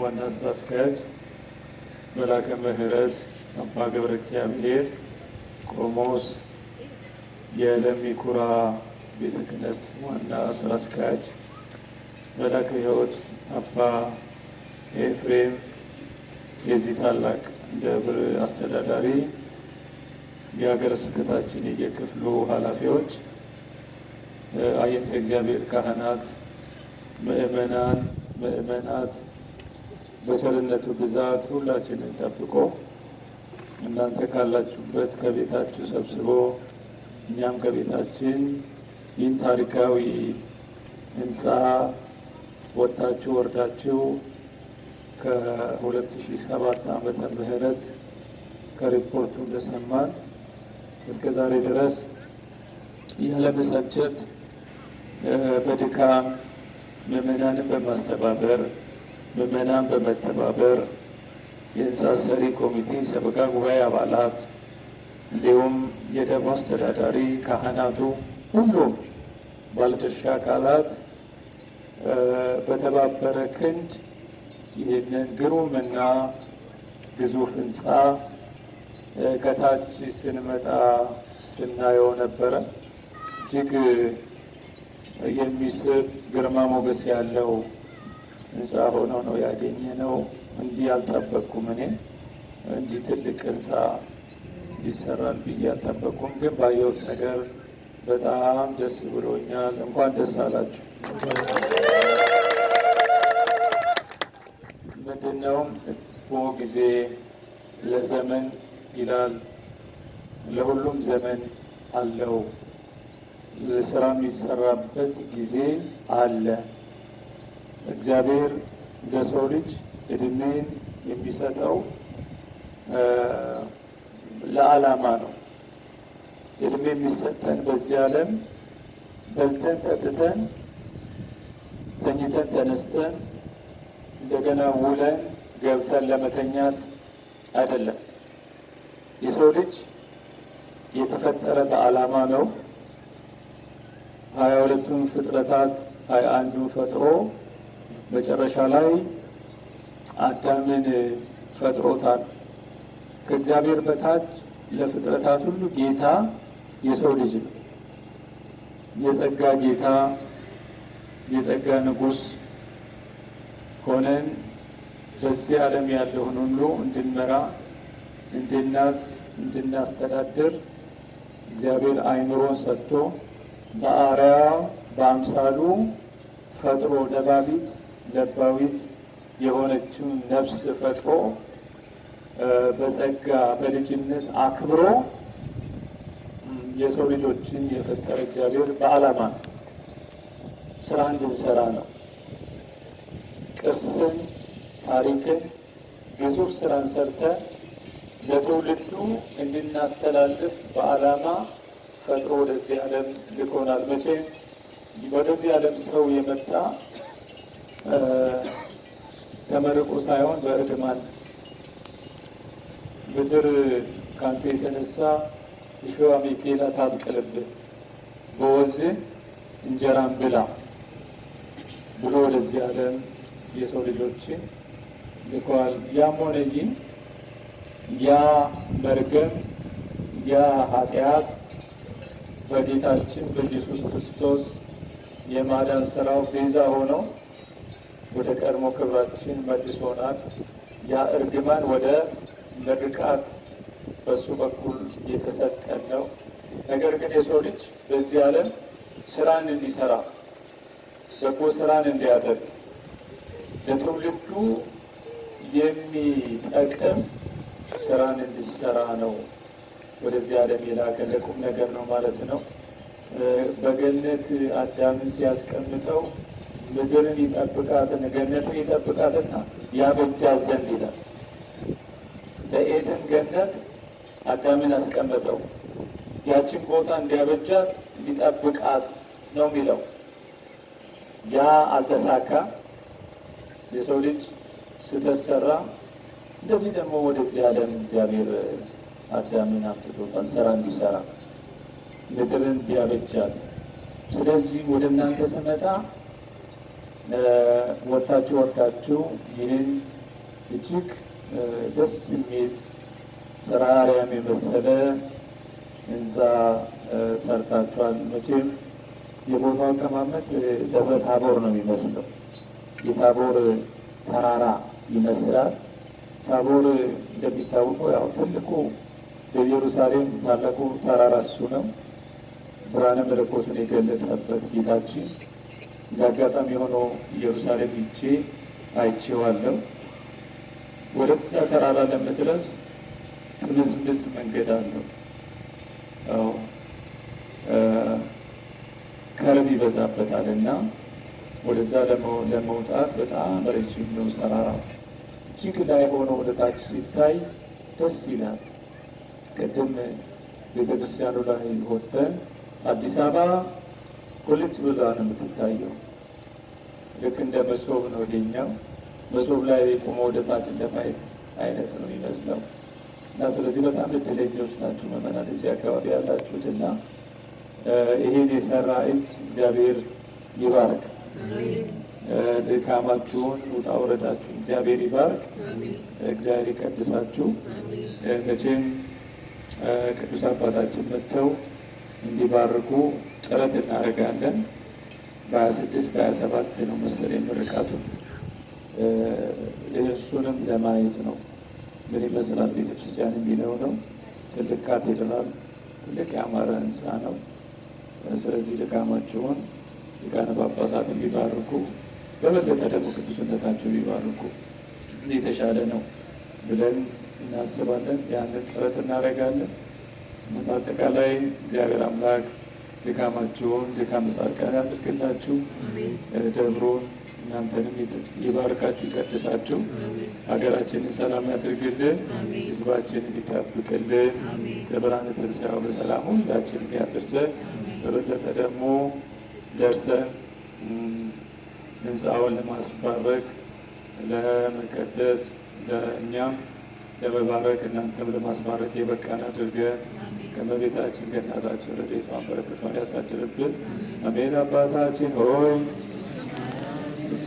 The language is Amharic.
ዋና ስራ አስኪያጅ መላከ ምህረት አባ ገብረ እግዚአብሔር ቆሞስ፣ የለሚ ኩራ ቤተ ክህነት ዋና ስራ አስኪያጅ መላከ ሕይወት አባ ኤፍሬም፣ የዚህ ታላቅ ደብር አስተዳዳሪ፣ የሀገረ ስብከታችን የክፍሉ ኃላፊዎች፣ አየንተ እግዚአብሔር ካህናት፣ ምእመናን ምእመናት በቸርነቱ ብዛት ሁላችንን ጠብቆ እናንተ ካላችሁበት ከቤታችሁ ሰብስቦ እኛም ከቤታችን ይህን ታሪካዊ ህንፃ ወጥታችሁ ወርዳችሁ ከ2007 ዓመተ ምህረት ከሪፖርቱ እንደሰማን እስከ ዛሬ ድረስ ያለመሰልቸት በድካም ምዕመናንን በማስተባበር ምዕመናን በመተባበር የህንፃ ሰሪ ኮሚቴ ሰበካ ጉባኤ አባላት እንዲሁም የደሞ አስተዳዳሪ ካህናቱ፣ ሁሉም ባለድርሻ አካላት በተባበረ ክንድ ይህንን ግሩምና ግዙፍ ህንፃ ከታች ስንመጣ ስናየው ነበረ እጅግ የሚስብ ግርማ ሞገስ ያለው ህንፃ ሆኖ ነው ያገኘ ነው። እንዲህ አልጠበቅኩም። እኔ እንዲህ ትልቅ ህንፃ ይሰራል ብዬ አልጠበቅኩም። ግን ባየሁት ነገር በጣም ደስ ብሎኛል። እንኳን ደስ አላችሁ። ምንድነውም እኮ ጊዜ ለዘመን ይላል፣ ለሁሉም ዘመን አለው ስራ የሚሰራበት ጊዜ አለ። እግዚአብሔር ለሰው ልጅ እድሜን የሚሰጠው ለዓላማ ነው። እድሜ የሚሰጠን በዚህ ዓለም በልተን ጠጥተን ተኝተን ተነስተን እንደገና ውለን ገብተን ለመተኛት አይደለም። የሰው ልጅ የተፈጠረ በዓላማ ነው። ሀያ ሁለቱን ፍጥረታት ሀያ አንዱ ፈጥሮ መጨረሻ ላይ አዳምን ፈጥሮታል። ከእግዚአብሔር በታች ለፍጥረታት ሁሉ ጌታ የሰው ልጅ ነው። የጸጋ ጌታ የጸጋ ንጉስ ሆነን በዚህ ዓለም ያለውን ሁሉ እንድንመራ፣ እንድናዝ፣ እንድናስተዳድር እግዚአብሔር አይምሮን ሰጥቶ በአርአያው በአምሳሉ ፈጥሮ ለባቢት ለባዊት የሆነችውን ነፍስ ፈጥሮ በጸጋ በልጅነት አክብሮ የሰው ልጆችን የፈጠረ እግዚአብሔር በዓላማ ነው። ስራ እንድንሰራ ነው። ቅርስን፣ ታሪክን፣ ግዙፍ ስራን ሰርተ ለትውልዱ እንድናስተላልፍ በዓላማ ፈጥሮ ወደዚህ ዓለም ልኮናል። መቼም ወደዚህ ዓለም ሰው የመጣ ተመርቆ ሳይሆን በእርግማን ምድር ከአንተ የተነሳ እሾህ አሜኬላ ታብቅልብህ፣ በወዝ እንጀራን ብላ ብሎ ወደዚህ ዓለም የሰው ልጆችን ልኳል። ያም ሆነ ይህ ያ መርገም ያ ኃጢአት በጌታችን በኢየሱስ ክርስቶስ የማዳን ስራው ቤዛ ሆኖ ወደ ቀድሞ ክብራችን መልሶናል። ያ እርግማን ወደ ምርቃት በሱ በኩል የተሰጠን ነው። ነገር ግን የሰው ልጅ በዚህ ዓለም ስራን እንዲሰራ በጎ ስራን እንዲያደርግ ለትውልዱ የሚጠቅም ስራን እንዲሰራ ነው ወደዚህ ዓለም የላከ ለቁም ነገር ነው ማለት ነው። በገነት አዳምን ሲያስቀምጠው ምድርን ይጠብቃትን ገነትን ይጠብቃትና ያበጃት ዘንድ ይላል። በኤደን ገነት አዳምን አስቀምጠው ያችን ቦታ እንዲያበጃት ሊጠብቃት ነው የሚለው። ያ አልተሳካ። የሰው ልጅ ስተሰራ እንደዚህ ደግሞ ወደዚህ ዓለም እግዚአብሔር አዳምን አምጥቶታል ስራ እንዲሰራ ምድርን ቢያበጃት። ስለዚህ ወደ እናንተ ስመጣ ወታችሁ ወታችሁ ይህን እጅግ ደስ የሚል ስራ አርያም የመሰለ ህንፃ ሰርታችኋል። መቼም የቦታው አቀማመጥ ደብረ ታቦር ነው የሚመስለው። የታቦር ተራራ ይመስላል። ታቦር እንደሚታወቀው ያው ትልቁ የኢየሩሳሌም ታላቁ ተራራ እሱ ነው። ብርሃነ መለኮቱን የገለጠበት ጌታችን እንዳጋጣሚ የሆነው ኢየሩሳሌም ይቼ አይቼዋለሁ። ወደዛ ተራራ ለመድረስ ጥምዝምዝ መንገድ አለው። ከርብ ይበዛበታል እና ወደዛ ለመውጣት በጣም ረጅም ነው ተራራው። እጅግ ላይ ሆኖ ወደታች ሲታይ ደስ ይላል። ቅድም ቤተክርስቲያኑ ላይ ወጥተን አዲስ አበባ ቁልጭ ብላ ነው የምትታየው። ልክ እንደ መሶብ ነው ይሄኛው። መሶብ ላይ ቆሞ ወደ ታች እንደማየት አይነት ነው ይመስለው እና ስለዚህ በጣም እድለኞች ናቸው ምዕመናን እዚህ አካባቢ ያላችሁት እና ይሄን የሰራ እጅ እግዚአብሔር ይባርክ። ድካማችሁን ውጣ ውረዳችሁን እግዚአብሔር ይባርክ። እግዚአብሔር ይቀድሳችሁ መቼም ቅዱስ አባታችን መጥተው እንዲባርኩ ጥረት እናደርጋለን። በሀያ ስድስት በሀያ ሰባት ነው መሰለኝ ምርቃቱ። እሱንም ለማየት ነው ምን ይመስላል ቤተክርስቲያን የሚለው ነው። ትልቅ ካቴድራል፣ ትልቅ የአማረ ህንፃ ነው። ስለዚህ ድካማቸውን ሊቃነ ጳጳሳት ቢባርኩ፣ በበለጠ ደግሞ ቅዱስነታቸው ቢባርኩ የተሻለ ነው ብለን እናስባለን። ያንን ጥረት እናደርጋለን። በአጠቃላይ እግዚአብሔር አምላክ ድካማችሁን ድካም ጻድቃን ያድርግላችሁ። ደብሮን እናንተንም ይባርካችሁ፣ ይቀድሳችሁ። ሀገራችንን ሰላም ያድርግልን፣ ህዝባችንን ይጠብቅልን። ለብርሃነ ትንሣኤው በሰላም ሁላችንን ያድርሰን። በበለጠ ደግሞ ደርሰን ህንፃውን ለማስባረክ ለመቀደስ ለእኛም ለመባረክ እናንተም ለማስባረክ የበቃን አድርገን ከመቤታችን ከእናታችን ረድኤቷን በረከቷን ያሳድርብን። አሜን። አባታችን ሆይ